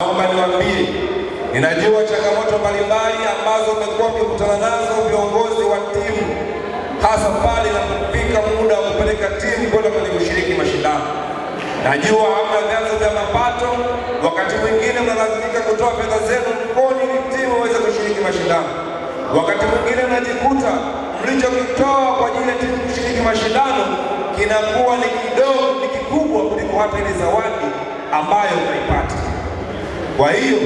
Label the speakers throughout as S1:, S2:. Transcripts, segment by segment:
S1: Naomba niwaambie, ninajua changamoto mbalimbali ambazo umekuwa ukikutana nazo viongozi wa timu, hasa pale inapofika muda wa kupeleka timu kwenda kwenye kushiriki mashindano. Najua hamna vyanzo vya mapato, wakati mwingine mnalazimika kutoa fedha zenu mkoni ili timu waweze kushiriki mashindano. Wakati mwingine mnajikuta mlichokitoa kwa ajili ya timu kushiriki mashindano kinakuwa ni kidogo, ni kikubwa kuliko hata ile zawadi ambayo mnaipata. Kwa hiyo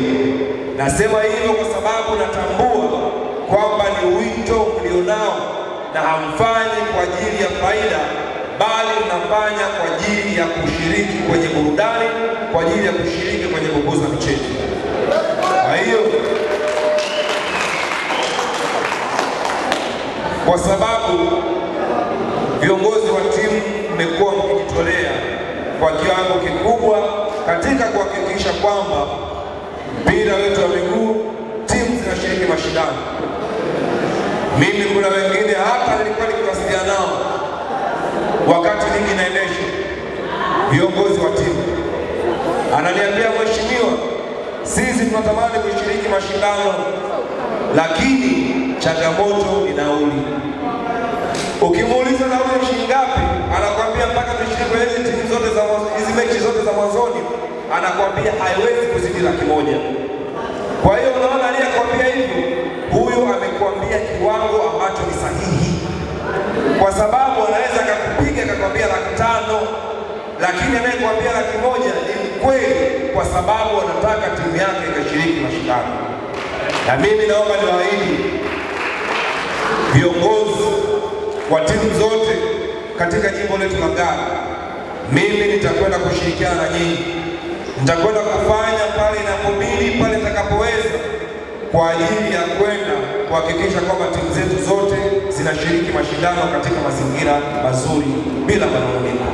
S1: nasema hivyo kwa sababu natambua kwamba ni wito mlionao na hamfanyi kwa ajili ya faida, bali mnafanya kwa ajili ya kushiriki kwenye burudani, kwa ajili ya kushiriki kwenye kukuza mchezo. Kwa hiyo kwa sababu viongozi wa timu mmekuwa mkijitolea kwa kiwango kikubwa katika kuhakikisha kwamba mpira wetu wa miguu, timu zinashiriki mashindano. Mimi kuna wengine hapa nilikuwa nikiwasiliana nao wakati ligi inaendeshwa, viongozi wa timu ananiambia, mheshimiwa, sisi tunatamani kushiriki mashindano, lakini changamoto ni nauli. Ukimuuliza nauli shilingi ngapi zote za hizi mechi zote za mwanzoni anakwambia haiwezi kuzidi laki moja. Kwa hiyo unaona aliyekwambia hivyo, huyo amekwambia kiwango ambacho ni sahihi, kwa sababu anaweza akakupiga akakwambia laki tano, lakini anayekwambia laki moja ni mkweli, kwa sababu anataka timu yake ikashiriki mashindano. Na mimi naomba niwaahidi viongozi wa timu zote katika jimbo letu la Ngara mimi nitakwenda kushirikiana na nyinyi, nitakwenda kufanya pale inapobidi, pale nitakapoweza, kwa ajili ya kwenda kuhakikisha kwamba timu zetu zote zinashiriki mashindano katika mazingira mazuri bila manung'uniko.